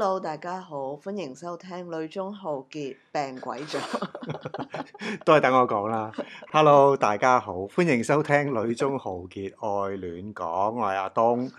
Hello，大家好，歡迎收聽《女中豪傑病鬼咗》，都係等我講啦。Hello，大家好，歡迎收聽《女中豪傑愛戀講》，我係阿東，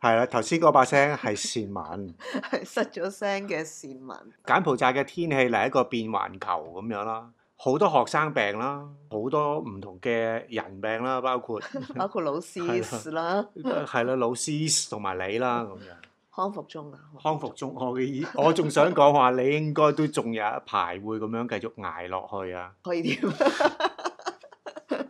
係啦，頭先嗰把聲係善文，係失咗聲嘅善文。柬埔寨嘅天氣嚟一個變環球咁樣啦，好多學生病啦，好多唔同嘅人病啦，包括包括老師啦，係啦，老師同埋你啦咁樣。康復中啊！康復中，我嘅意。我仲想講話， 你應該都仲有一排會咁樣繼續捱落去啊！可以點？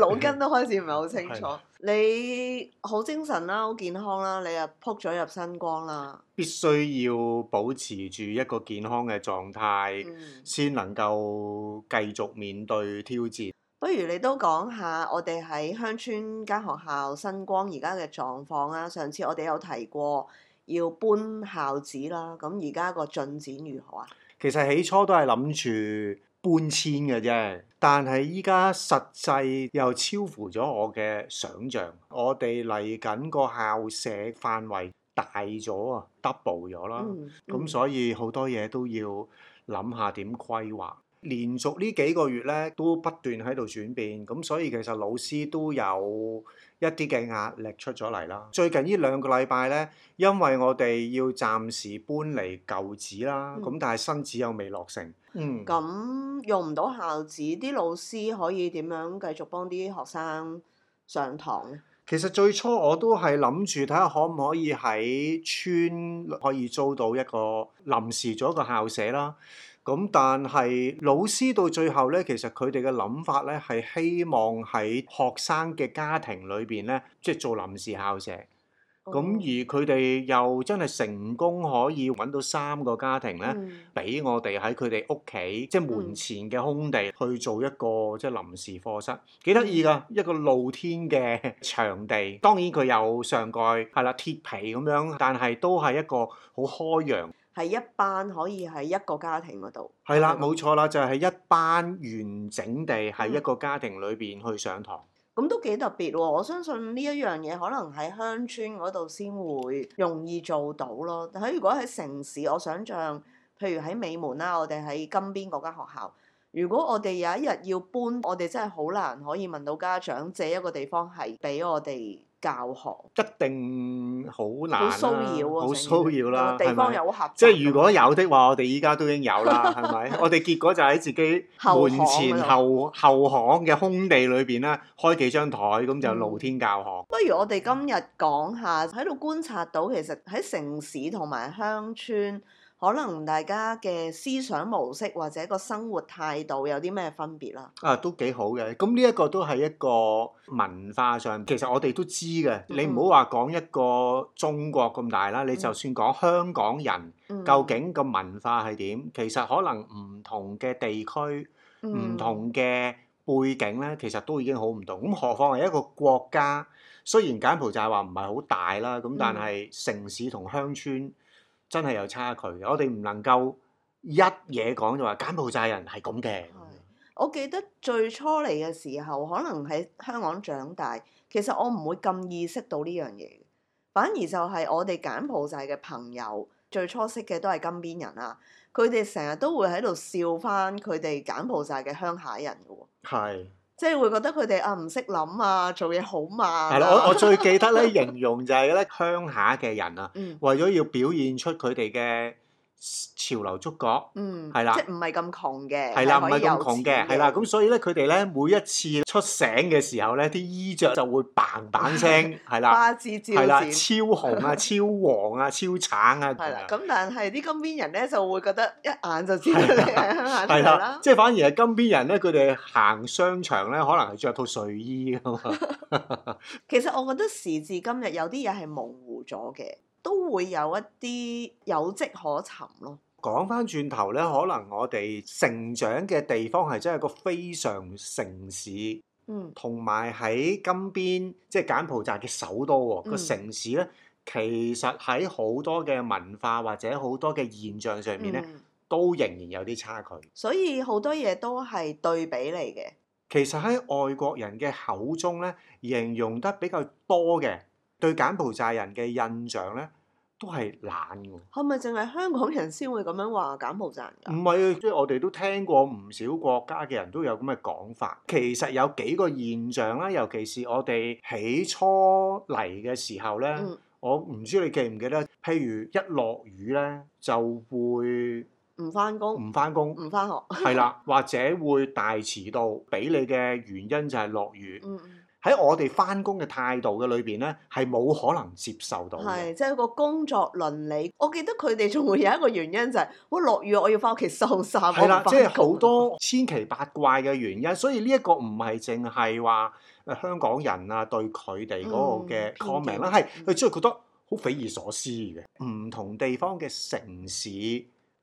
腦筋都開始唔係好清楚。 你好精神啦、啊，好健康啦、啊，你又撲咗入新光啦。必須要保持住一個健康嘅狀態，先、嗯、能夠繼續面對挑戰。不如你都講下，我哋喺鄉村間學校新光而家嘅狀況啦、啊。上次我哋有提過。要搬校址啦，咁而家個進展如何啊？其實起初都係諗住搬遷嘅啫，但係依家實際又超乎咗我嘅想像。我哋嚟緊個校舍範圍大咗啊，double 咗啦，咁、嗯嗯、所以好多嘢都要諗下點規劃。連續呢幾個月咧都不斷喺度轉變，咁所以其實老師都有一啲嘅壓力出咗嚟啦。最近呢兩個禮拜咧，因為我哋要暫時搬離舊址啦，咁、嗯、但係新址又未落成，嗯，咁用唔到校址，啲老師可以點樣繼續幫啲學生上堂咧？其實最初我都係諗住睇下可唔可以喺村可以租到一個臨時做一個校舍啦。咁但係老師到最後咧，其實佢哋嘅諗法咧係希望喺學生嘅家庭裏邊咧，即係做臨時校舍。咁 Okay. 而佢哋又真係成功可以揾到三個家庭咧，俾、mm. 我哋喺佢哋屋企，即係門前嘅空地、mm. 去做一個即係臨時課室，幾得意㗎一個露天嘅場地。當然佢有上蓋，係啦鐵皮咁樣，但係都係一個好開揚。係一班可以喺一個家庭嗰度。係啦的，冇錯啦，就係、是、一班完整地喺一個家庭裏邊去上堂。咁、嗯、都幾特別喎！我相信呢一樣嘢可能喺鄉村嗰度先會容易做到咯。但如果喺城市，我想象，譬如喺美門啦，我哋喺金邊嗰間學校，如果我哋有一日要搬，我哋真係好難可以問到家長借一個地方係俾我哋。教學一定好難啦、啊，好騷擾啊，好騷擾啦、啊，地方又好狹。即係如果有的話，我哋依家都已經有啦，係咪？ 我哋結果就喺自己門前後 後巷嘅空地裏邊咧，開幾張台咁就露天教學。嗯、不如我哋今日講下喺度觀察到，其實喺城市同埋鄉村。可能大家嘅思想模式或者個生活態度有啲咩分別啦？啊，都幾好嘅。咁呢一個都係一個文化上，其實我哋都知嘅。你唔好話講一個中國咁大啦，你就算講香港人，究竟個文化係點？其實可能唔同嘅地區、唔同嘅背景咧，其實都已經好唔同。咁何況係一個國家，雖然柬埔寨話唔係好大啦，咁但係城市同鄉村，真係有差距嘅，我哋唔能夠一嘢講就話柬埔寨人係咁嘅。我記得最初嚟嘅時候，可能喺香港長大，其實我唔會咁意識到呢樣嘢，反而就係我哋柬埔寨嘅朋友最初識嘅都係金邊人啦，啊，佢哋成日都會喺度笑翻佢哋柬埔寨嘅鄉下人㗎喎。係。即係會覺得佢哋啊唔識諗啊，做嘢好慢。係咯， 我我最記得咧形容就係咧鄉下嘅人啊，嗯、為咗要表現出佢哋嘅。潮流觸角，嗯，係啦，即係唔係咁窮嘅，係啦，唔係咁窮嘅，係啦，咁所以咧，佢哋咧每一次出醒嘅時候咧，啲衣着就會 bang bang 聲，係啦，花枝招展，係啦，超紅啊，超黃啊，超橙啊，係啦，咁但係啲金邊人咧就會覺得一眼就知係啦，即係反而係金邊人咧，佢哋行商場咧，可能係着套睡衣㗎嘛。其實我覺得時至今日有啲嘢係模糊咗嘅。都會有一啲有跡可尋咯。講翻轉頭咧，可能我哋成長嘅地方係真係一個非常城市，嗯，同埋喺金邊即係柬埔寨嘅首都喎。個、嗯、城市咧，其實喺好多嘅文化或者好多嘅現象上面咧，嗯、都仍然有啲差距。所以好多嘢都係對比嚟嘅。其實喺外國人嘅口中咧，形容得比較多嘅。對柬埔寨人嘅印象咧，都係懶㗎。係咪淨係香港人先會咁樣話柬埔寨人㗎？唔係，即係、就是、我哋都聽過唔少國家嘅人都有咁嘅講法。其實有幾個現象啦，尤其是我哋起初嚟嘅時候咧，嗯、我唔知你記唔記得，譬如一落雨咧就會唔翻工，唔翻工，唔翻學，係 啦，或者會大遲到。俾你嘅原因就係落雨。嗯。喺我哋翻工嘅態度嘅裏邊咧，係冇可能接受到嘅。係即係一個工作倫理。我記得佢哋仲會有一個原因就係、是：好落雨，我要翻屋企收衫。係啦，即係好多千奇百怪嘅原因， 所以呢一個唔係淨係話誒香港人啊對佢哋嗰個嘅、嗯、comment 啦，係佢真係覺得好匪夷所思嘅。唔同地方嘅城市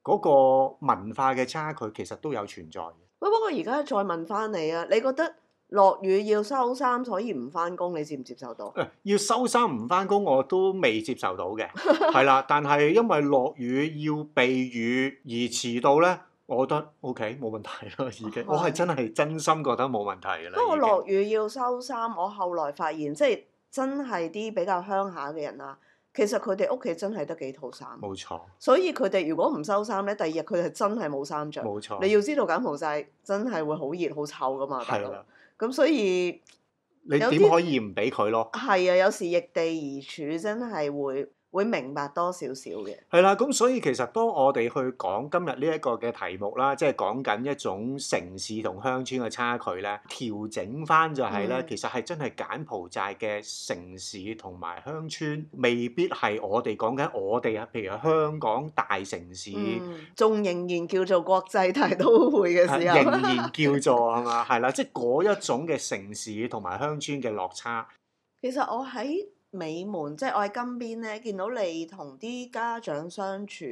嗰個文化嘅差距其實都有存在嘅。不過而家再問翻你啊，你覺得？落雨要收衫，所以唔翻工，你接唔接受到？要收衫唔翻工，我都未接受到嘅，係啦。 但係因為落雨要避雨而遲到呢，我覺得 OK，冇問題咯，已經。哦 okay。我係真係真心覺得冇問題嘅啦。不過落雨要收衫，我經後來發現即係、就是、真係啲比較鄉下嘅人啊，其實佢哋屋企真係得幾套衫。冇錯。所以佢哋如果唔收衫呢，第二日佢哋真係冇衫着。冇錯。你要知道柬埔寨，真係會好熱好臭㗎嘛。係啦的。咁所以，你點可以唔俾佢咯？係啊，有時逆地而處真係會。會明白多少少嘅係啦，咁所以其實當我哋去講今日呢一個嘅題目啦，即、就、係、是、講緊一種城市同鄉村嘅差距咧，調整翻就係、是、咧，嗯、其實係真係柬埔寨嘅城市同埋鄉村未必係我哋講緊我哋啊，譬如香港大城市，仲、嗯、仍然叫做國際大都會嘅時候、嗯，仍然叫做係嘛係啦，即係嗰一種嘅城市同埋鄉村嘅落差。其實我喺，美門，即係我喺金邊咧，見到你同啲家長相處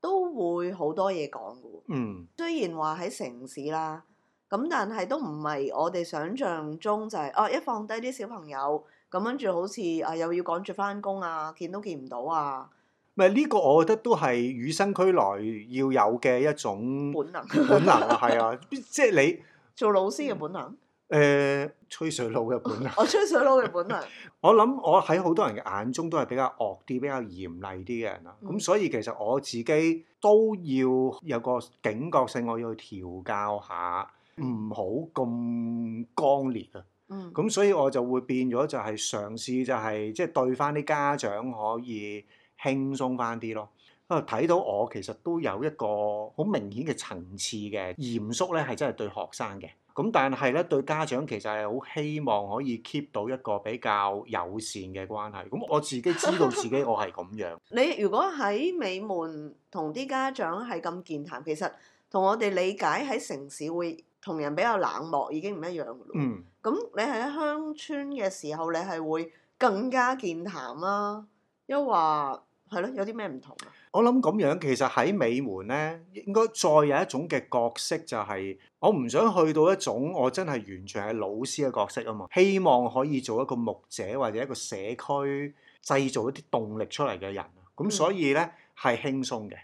都會好多嘢講嘅喎。嗯，雖然話喺城市啦，咁但係都唔係我哋想象中就係哦，一放低啲小朋友，咁跟住好似啊又要趕住翻工啊，見都見唔到啊。唔係呢個，我覺得都係與生俱來要有嘅一種本能， 本能係啊，即係你做老師嘅本能。嗯誒、呃、吹水佬嘅本能， 我吹水佬嘅本能。 我諗我喺好多人嘅眼中都係比較惡啲、比較嚴厲啲嘅人啦。咁、嗯、所以其實我自己都要有個警覺性，我要去調教下，唔好咁剛烈啊。嗯。咁所以我就會變咗、就係，就係嘗試，就係即係對翻啲家長可以輕鬆翻啲咯。啊、嗯，睇 到我其實都有一個好明顯嘅層次嘅嚴肅咧，係真係對學生嘅。咁但係咧，對家長其實係好希望可以 keep 到一個比較友善嘅關係。咁我自己知道自己我係咁樣。 你如果喺美門同啲家長係咁健談，其實同我哋理解喺城市會同人比較冷漠已經唔一樣噶咯。嗯。咁你喺鄉村嘅時候，你係會更加健談啦、啊，又話係咯，有啲咩唔同啊？.我諗咁樣，其實喺美門咧，應該再有一種嘅角色就係，我唔想去到一種我真係完全係老師嘅角色啊嘛。希望可以做一個牧者或者一個社區製造一啲動力出嚟嘅人。咁所以咧係輕鬆嘅。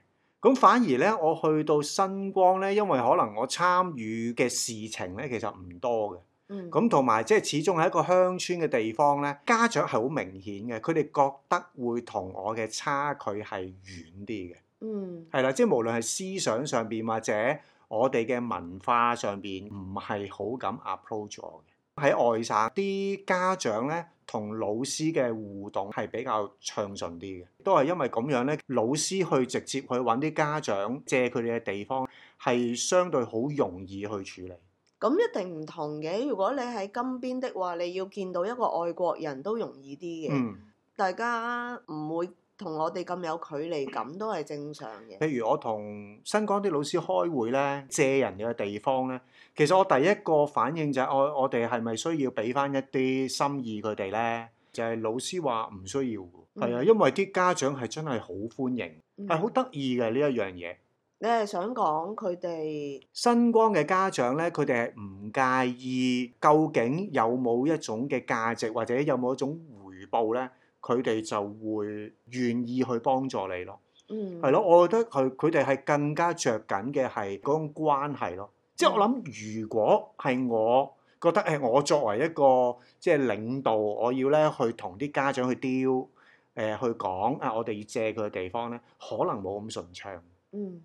咁反而咧，我去到新光咧，因為可能我參與嘅事情咧其實唔多嘅。咁同埋即係始終係一個鄉村嘅地方咧，家長係好明顯嘅，佢哋覺得會同我嘅差距係遠啲嘅。嗯，係啦，即係無論係思想上邊或者我哋嘅文化上邊，唔係好敢 approach 我嘅。喺外省啲家長咧，同老師嘅互動係比較暢順啲嘅，都係因為咁樣咧，老師去直接去搵啲家長借佢哋嘅地方，係相對好容易去處理。咁一定唔同嘅。如果你喺金邊的話，你要見到一個外國人都容易啲嘅。嗯、大家唔會同我哋咁有距離感，嗯、都係正常嘅。譬如我同新港啲老師開會咧，借人哋嘅地方咧，其實我第一個反應就係、是、我我哋係咪需要畀返一啲心意佢哋咧？就係、是、老師話唔需要，係啊、嗯，因為啲家長係真係好歡迎，係好得意嘅呢一樣嘢。你係想講佢哋新光嘅家長咧，佢哋係唔介意究竟有冇一種嘅價值或者有冇一種回報咧，佢哋就會願意去幫助你咯。嗯，係咯，我覺得佢佢哋係更加著緊嘅係嗰種關係咯。即係我諗，如果係我覺得誒，我作為一個即係領導，我要咧去同啲家長去 deal 誒去講啊，我哋要借佢嘅地方咧，可能冇咁順暢。嗯。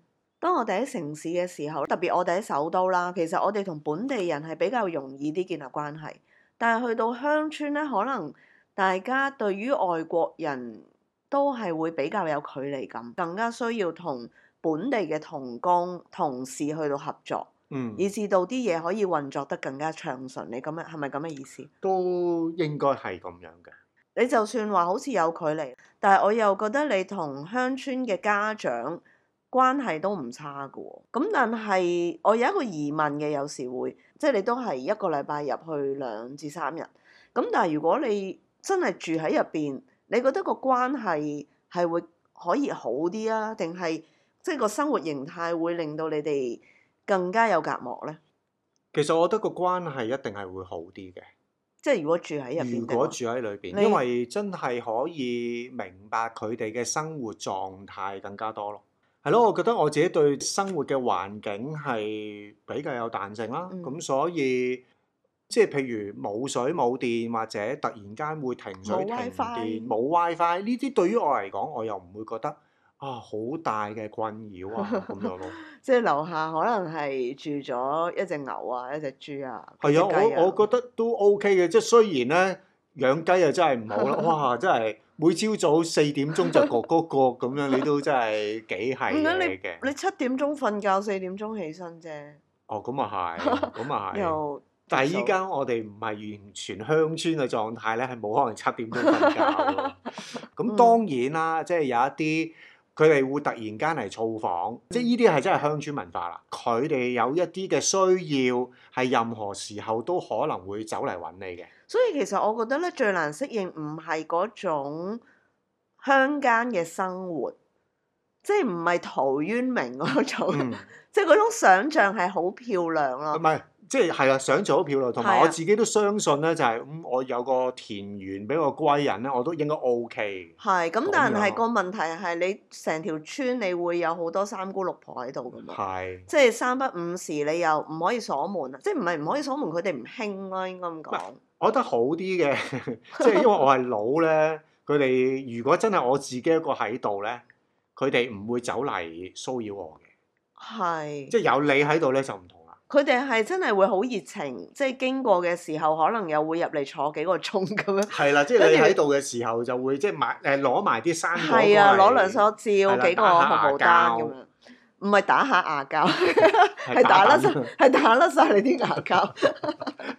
當我哋喺城市嘅時候，特別我哋喺首都啦，其實我哋同本地人係比較容易啲建立關係。但係去到鄉村呢，可能大家對於外國人都係會比較有距離感，更加需要同本地嘅同工同事去到合作，嗯，以至到啲嘢可以運作得更加暢順。你咁樣係咪咁嘅意思？都應該係咁樣㗎。你就算話好似有距離，但係我又覺得你同鄉村嘅家長。關係都唔差㗎喎，咁但係我有一個疑問嘅，有時會即係你都係一個禮拜入去兩至三日，咁但係如果你真係住喺入邊，你覺得個關係係會可以好啲啊？定係即係個生活形態會令到你哋更加有隔膜呢？其實我覺得個關係一定係會好啲嘅，即係如果住喺入邊，如果住喺裏邊，你因為真係可以明白佢哋嘅生活狀態更加多咯。係咯，我覺得我自己對生活嘅環境係比較有彈性啦。咁、嗯、所以即係譬如冇水冇電或者突然間會停水停電冇 WiFi 呢啲，冇 WiFi，對於我嚟講，我又唔會覺得啊好大嘅困擾啊咁樣咯。 即係樓下可能係住咗一隻牛啊，一隻豬啊，係啊，我我覺得都 OK 嘅。即係雖然咧。養雞啊，真係唔好啦！哇，真係每朝早四點鐘就焗嗰個咁樣，你都真係幾係嘅。唔緊你，你七點鐘瞓覺，四點鐘起身啫。哦，咁咪係，咁咪係。 好但係依家我哋唔係完全鄉村嘅狀態咧，係冇可能七點鐘瞓覺。咁 當然啦，嗯、即係有一啲佢哋會突然間嚟造訪，即係呢啲係真係鄉村文化啦。佢哋有一啲嘅需要，係任何時候都可能會走嚟揾你嘅。所以其實我覺得咧，最難適應唔係嗰種鄉間嘅生活，即係唔係陶淵明嗰種，嗯、即係嗰種想像係好漂亮咯，啊。唔係，即係係啦，想像好漂亮。同埋的我自己都相信咧，就係、是、咁，我有個田園俾個貴人咧，我都應該 OK。係咁，但係個問題係你成條村你會有好多三姑六婆喺度㗎嘛？係的。即係三不五時你又唔可以鎖門啊！即係唔係唔可以鎖門？佢哋唔興咯，應該咁講。我覺得好啲嘅，即係因為我係老咧，佢哋 如果真係我自己一個喺度咧，佢哋唔會走嚟騷擾我嘅。係。即係有你喺度咧就唔同啦。佢哋係真係會好熱情，即係經過嘅時候可能又會入嚟坐幾個鐘咁樣。係啦，即係你喺度嘅時候就會即係買誒攞埋啲生果，攞兩張照幾個帽帽膠。唔係打下牙膠，係是 打甩晒。係打甩晒你啲牙膠，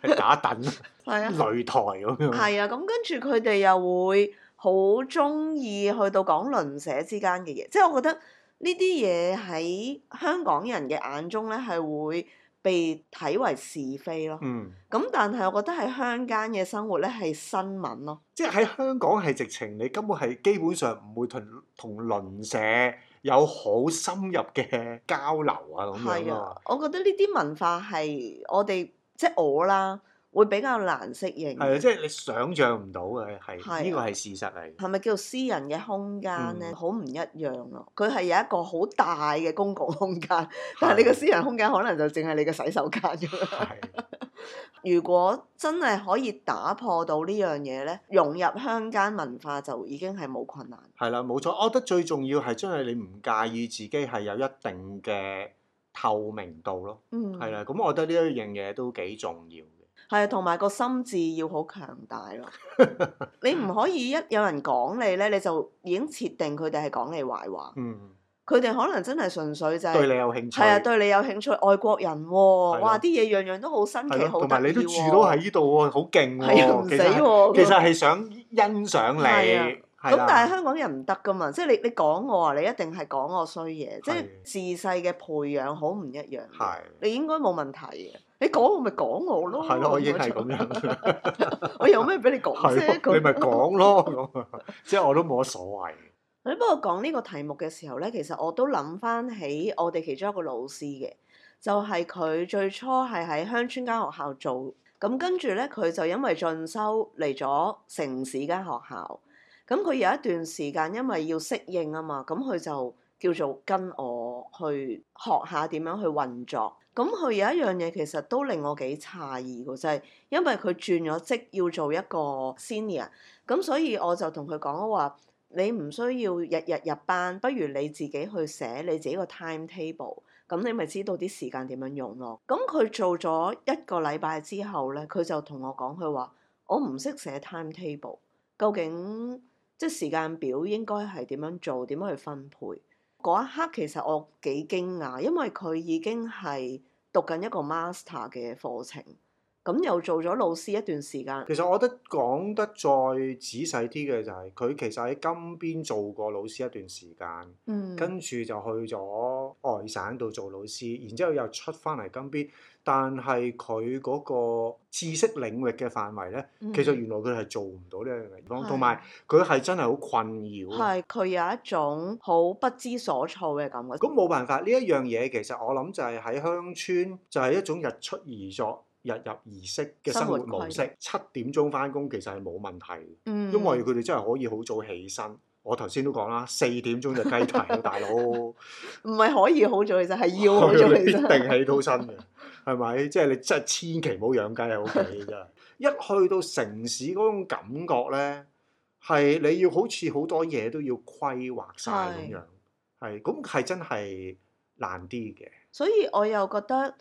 係 打等等，係 啊擂台咁樣。係啊，咁跟住佢哋又會好中意去到講鄰舍之間嘅嘢，即係我覺得呢啲嘢喺香港人嘅眼中咧，係會被睇為是非咯。嗯，咁但係我覺得喺鄉間嘅生活咧係新聞咯。即係喺香港係直情，你根本係基本上唔會同同鄰舍有好深入嘅交流啊，咁樣咯。我覺得呢啲文化係我哋即係我啦，會比較難適應。係啊，即係你想像唔到嘅，係呢、啊、個係事實嚟。係咪叫做私人嘅空間咧？好唔、嗯、一樣咯、啊。佢係有一個好大嘅公共空間，但係你個私人空間可能就淨係你嘅洗手間咁樣。係啊。如果真係可以打破到呢樣嘢咧，融入鄉間文化就已經係冇困難。係啦，冇錯。我覺得最重要係真係你唔介意自己係有一定嘅透明度咯。嗯，係啦。咁我覺得呢一樣嘢都幾重要嘅。係啊，同埋個心智要好強大咯。 你唔可以一有人講你咧，你就已經設定佢哋係講你壞話。嗯。佢哋可能真係純粹就係對你有興趣，係啊，對你有興趣，外國人喎，哇！啲嘢樣樣都好新奇，好得意喎，同埋你都住到喺呢度喎，好勁喎，唔死喎。其實係想欣賞你，咁但係香港人唔得㗎嘛，即係你你講我啊，你一定係講我衰嘢，即係自細嘅培養好唔一樣。係，你應該冇問題嘅，你講我咪講我咯，係咯，我已經係咁樣，我有咩俾你講啫？你咪講咯，咁即係我都冇乜所謂。咁不過講呢個題目嘅時候咧，其實我都諗翻起我哋其中一個老師嘅，就係佢最初係喺鄉村間學校做，咁跟住咧佢就因為進修嚟咗城市間學校，咁佢有一段時間因為要適應啊嘛，咁佢就叫做跟我去學下點樣去運作。咁佢有一樣嘢其實都令我幾詫異嘅，就係因為佢轉咗職要做一個 senior，咁所以我就同佢講咗話。你唔需要日日入班，不如你自己去寫你自己個 time table，咁你咪知道啲時間點樣用咯。咁佢做咗一個禮拜之後咧，佢就同我講佢話：我唔識寫 time table，究竟即係時間表應該係點樣做？點樣去分配？嗰一刻其實我幾驚訝，因為佢已經係讀緊一個 master 嘅課程。咁又做咗老師一段時間。其實我覺得講得再仔細啲嘅就係，佢其實喺金邊做過老師一段時間，嗯、跟住就去咗外省度做老師，然之後又出翻嚟金邊。但係佢嗰個知識領域嘅範圍咧，嗯、其實原來佢係做唔到呢一樣嘢。同埋佢係真係好困擾。係，佢有一種好不知所措嘅感覺。咁冇辦法，呢一樣嘢其實我諗就係喺鄉村就係一種日出而作。日入而息嘅生活模式，是的 七點鐘翻工其實係冇問題。嗯、因為佢哋真係可以好早起身。我頭先都講啦，四點鐘就雞啼。 大佬唔係可以好早，起身，係要早，定起都身嘅，係咪？ 即係你真係千祈唔好養雞喺屋企。真係、啊。一去到城市嗰種感覺呢，係你要好似好多嘢都要規劃晒咁樣，係咁係真係難啲嘅。 所以我又覺得。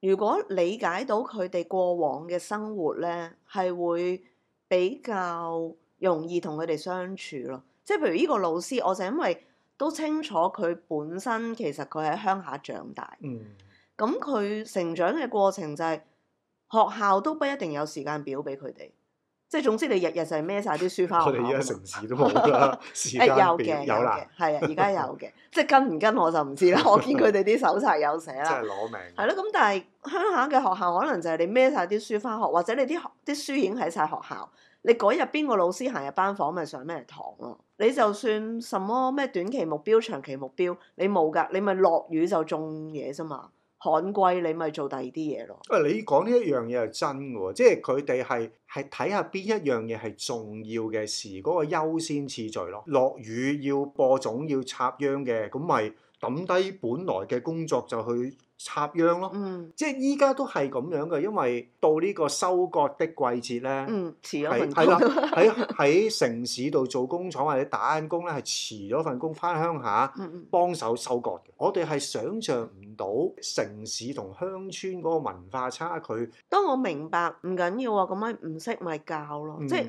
如果理解到佢哋過往嘅生活咧，係會比較容易同佢哋相處咯。即係譬如呢個老師，我就因為都清楚佢本身其實佢喺鄉下長大，咁佢、嗯、成長嘅過程就係、是、學校都不一定有時間表俾佢哋。即係總之，你日日就係孭晒啲書翻學校。我哋依家城市都冇啦， 時間變有嘅的，係啊了，而家有嘅，有 即係跟唔跟我就唔知啦。我見佢哋啲手冊有寫啦，係攞名攞命。係咯，咁但係鄉下嘅學校可能就係你孭晒啲書翻學，或者你啲啲書已經喺晒學校。你嗰日邊個老師行入班房，咪上咩堂咯？你就算什麼咩短期目標、長期目標，你冇㗎，你咪落雨就種嘢啫嘛。旱季你咪做第二啲嘢咯。喂，你講呢一樣嘢係真嘅，即係佢哋係係睇下邊一樣嘢係重要嘅事，嗰個優先次序咯。落雨要播種，要插秧嘅，咁咪抌低本來嘅工作就去。插秧咯，嗯嗯、即係依家都係咁樣嘅，因為到呢個收割的季節咧，遲咗份工，喺喺城市度做工廠或者打緊工咧，係遲咗份工返鄉下幫手收割嘅。嗯嗯、我哋係想像唔到城市同鄉村嗰個文化差距。當我明白唔緊要啊，咁咪唔識咪教咯，即係。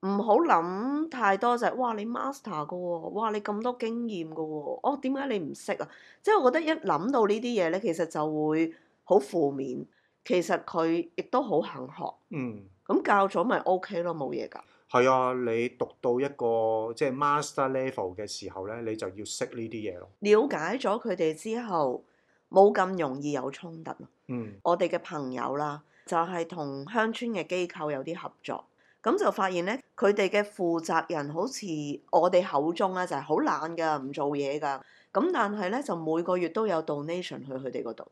唔好諗太多就係哇你 master 噶喎，哇你咁多經驗噶喎，哦點解你唔識啊？即係我覺得一諗到呢啲嘢咧，其實就會好負面。其實佢亦都好肯學，嗯，咁教咗咪 OK 咯，冇嘢噶。係啊，你讀到一個即係 master level 嘅時候咧，你就要識呢啲嘢咯。了解咗佢哋之後，冇咁容易有衝突咯。嗯，我哋嘅朋友啦，就係同鄉村嘅機構有啲合作。咁就發現咧，佢哋嘅負責人好似我哋口中咧、啊，就係、是、好懶噶，唔做嘢噶。咁但係咧，就每個月都有 donation 去佢哋嗰度。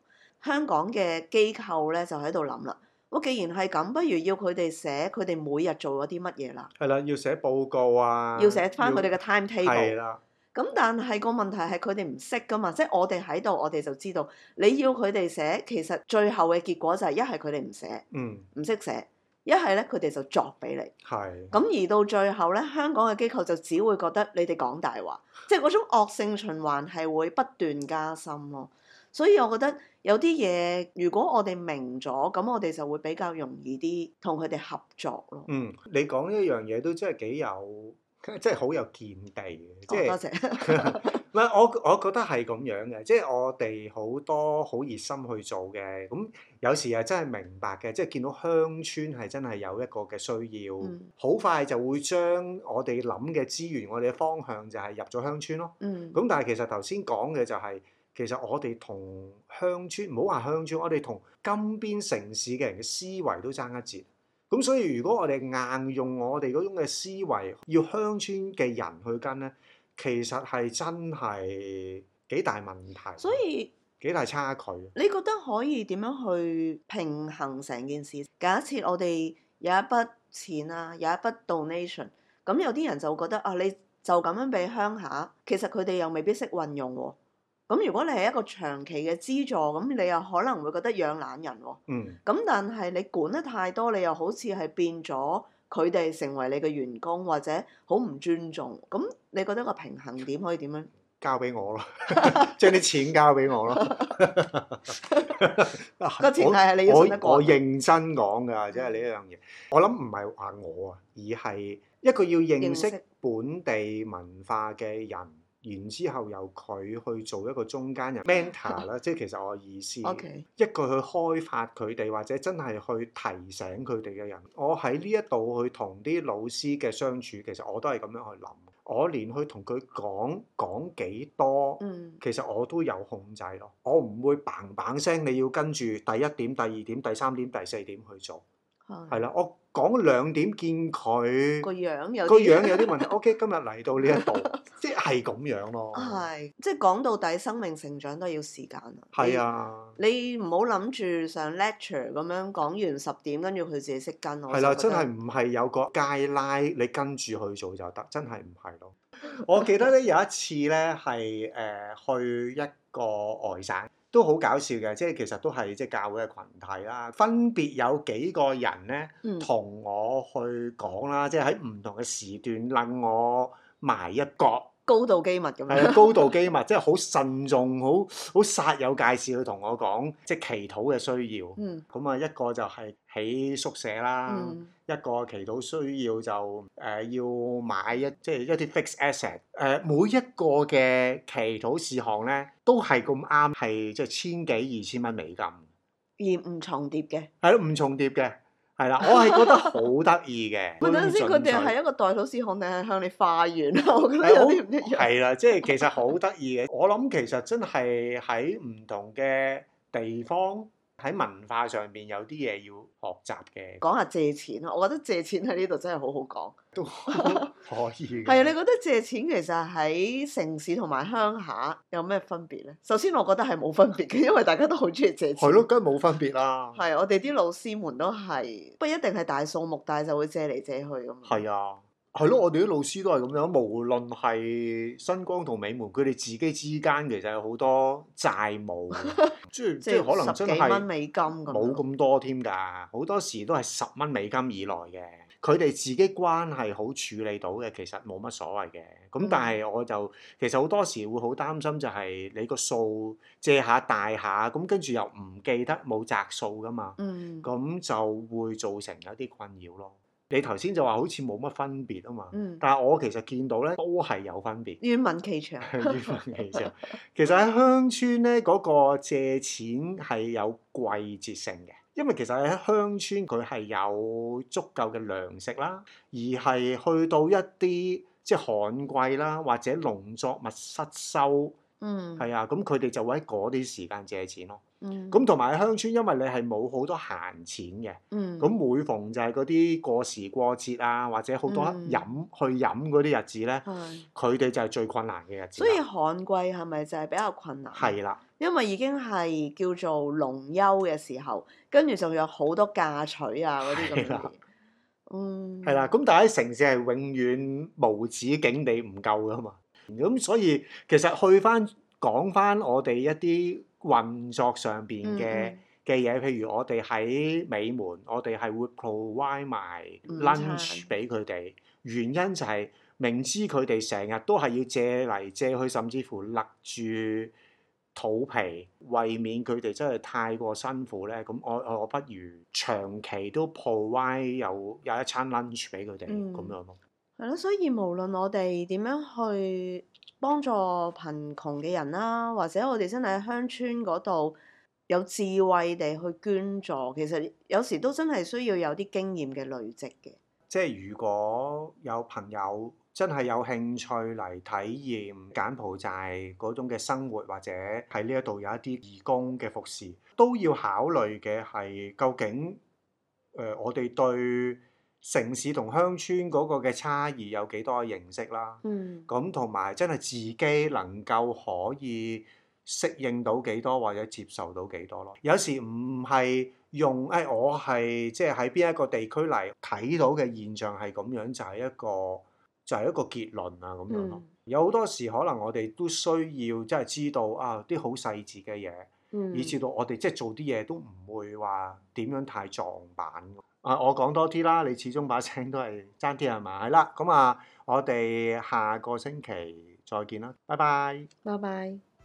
香港嘅機構咧就喺度諗啦。我既然係咁，不如要佢哋寫佢哋每日做咗啲乜嘢啦。係啦，要寫報告啊，要寫返佢哋嘅 timetable。係啦。咁但係個問題係佢哋唔識噶嘛，即、就、係、是、我哋喺度，我哋就知道你要佢哋寫，其實最後嘅結果就係一係佢哋唔寫，嗯，唔識寫。一係咧，佢哋就作俾你，咁的而到最後咧，香港嘅機構就只會覺得你哋講大話，即係嗰種惡性循環係會不斷加深咯。所以我覺得有啲嘢，如果我哋明咗，咁我哋就會比較容易啲同佢哋合作咯。嗯，你講呢一樣嘢都真係幾有。即係好有見地嘅，即係多謝。唔係、就是、 我我覺得係咁樣嘅，即、就、係、是、我哋好多好熱心去做嘅，咁有時係真係明白嘅，即係見到鄉村係真係有一個嘅需要，好、嗯、快就會將我哋諗嘅資源，我哋嘅方向就係入咗鄉村咯。咁、嗯、但係其實頭先講嘅就係、是，其實我哋同鄉村，唔好話鄉村，我哋同金邊城市嘅人嘅思維都差一截。咁所以如果我哋硬用我哋嗰種嘅思維，要鄉村嘅人去跟呢，其實係真係幾大問題，所以幾大差距。你覺得可以點樣去平衡成件事？假設我哋有一筆錢啊，有一筆 donation，咁有啲人就覺得啊，你就咁樣俾鄉下，其實佢哋又未必識運用喎啊。咁如果你係一個長期嘅資助，咁你又可能會覺得養懶人喎。嗯。咁但係你管得太多，你又好似係變咗佢哋成為你嘅員工，或者好唔尊重。咁你覺得個平衡點可以點樣？交俾我咯，將啲錢交俾我咯。個前提係你要講。我我認真講㗎，即係呢一樣嘢。我諗唔係話我啊，而係一個要認識本地文化嘅人。然之後由佢去做一個中間人 mentor 啦，即係其實我意思， Okay. 一個去開發佢哋或者真係去提醒佢哋嘅人。我喺呢一度去同啲老師嘅相處，其實我都係咁樣去諗。我連去同佢講講幾多，其實我都有控制咯。我唔會砰砰聲，你要跟住第一點、第二點、第三點、第四點去做。係啦，我講兩點見佢個樣有，個樣有啲問題。 o、OK, K，今日嚟到呢一度， 即係咁樣咯。係，即係講到底，生命成長都要時間啊。係啊的，你唔好諗住上 lecture 咁樣講完十點，跟住佢自己識跟我。係啦，真係唔係有個戒拉你跟住去做就得，真係唔係咯。 我記得咧有一次咧係誒去一個外省。都好搞笑嘅，即係其實都係即係教會嘅群體啦。分別有幾個人咧，同我去講啦，嗯、即係喺唔同嘅時段令我埋一角。高度機密咁樣，係啊，高度機密， 即係好慎重，好好殺有介事。去同我講，即係祈禱嘅需要。嗯，咁啊一個就係喺宿舍啦，嗯、一個祈禱需要就誒、呃、要買一即係一啲 fixed asset、呃。誒每一個嘅祈禱事項咧都係咁啱，係即係千幾二千蚊美金，而唔重疊嘅，係咯，唔重疊嘅。係啦，我係覺得好得意嘅。嗰陣時，佢哋係一個代數思考定係向你化圓， 我覺得有啲唔一樣。係啦， 即係其實好得意嘅。 我諗其實真係喺唔同嘅地方。喺文化上邊有啲嘢要學習嘅。講下借錢啊，我覺得借錢喺呢度真係好好講， 都可以。係啊， 你覺得借錢其實喺城市同埋鄉下有咩分別呢？首先，我覺得係冇分別嘅，因為大家都好中意借錢。係咯， 梗係冇分別啦。係， 我哋啲老師們都係，不一定係大數目，但係就會借嚟借去咁。係啊。 係咯，我哋啲老師都係咁樣，無論係新光同美門，佢哋自己之間其實有好多債務， 即係即係可能真係冇咁多添㗎，好多時都係十蚊美金以內嘅，佢哋自己關係好處理到嘅，其實冇乜所謂嘅。咁但係我就、嗯、其實好多時會好擔心，就係你個數借下大下，咁跟住又唔記得冇摘數㗎嘛，咁、嗯、就會造成一啲困擾咯。你頭先就話好似冇乜分別啊嘛，嗯、但係我其實見到咧，都係有分別。願聞其詳， 願聞其詳。其實喺鄉村咧，嗰個借錢係有季節性嘅，因為其實喺鄉村佢係有足夠嘅糧食啦，而係去到一啲即係旱季啦，或者農作物失收。嗯，係啊，咁佢哋就會喺嗰啲時間借錢咯。咁同埋喺鄉村，因為你係冇好多閒錢嘅。嗯，咁每逢就係嗰啲過時過節啊，或者好多飲去飲嗰啲日子咧，佢哋就係最困難嘅日子。所以旱季係咪就係比較困難？係啦，因為已經係叫做農休嘅時候，跟住仲有好多嫁娶啊嗰啲咁嘅嘢。嗯，係啦。咁但係喺城市係永遠無止境地唔夠噶嘛。咁、嗯、所以其實去翻講翻我哋一啲運作上邊嘅嘅嘢，譬如我哋喺美門，我哋係會 provide 埋 lunch 俾佢哋，原因就係明知佢哋成日都係要借嚟借去，甚至乎勒住肚皮，為免佢哋真係太過辛苦咧，咁我我不如長期都 provide 有有一餐 lunch 俾佢哋咁樣咯。係咯，所以無論我哋點樣去幫助貧窮嘅人啦，或者我哋真係喺鄉村嗰度有智慧地去捐助，其實有時都真係需要有啲經驗嘅累積嘅。即係如果有朋友真係有興趣嚟體驗柬埔寨嗰種嘅生活，或者喺呢一度有一啲義工嘅服侍，都要考慮嘅係究竟誒、呃、我哋對城市同鄉村嗰個嘅差異有幾多嘅認識啦？咁同埋真係自己能夠可以適應到幾多或者接受到幾多咯？有時唔係用誒、哎，我係即係喺邊一個地區嚟睇到嘅現象係咁樣，就係、是、一個就係、是、一個結論啊咁樣咯。嗯、有好多時可能我哋都需要即係知道啊啲好細緻嘅嘢，嗯、以至到我哋即係做啲嘢都唔會話點樣太撞板。啊！我講多啲啦，你始終把聲都係爭啲人買啦。咁、嗯、啊，我哋下個星期再見啦，拜拜。bye bye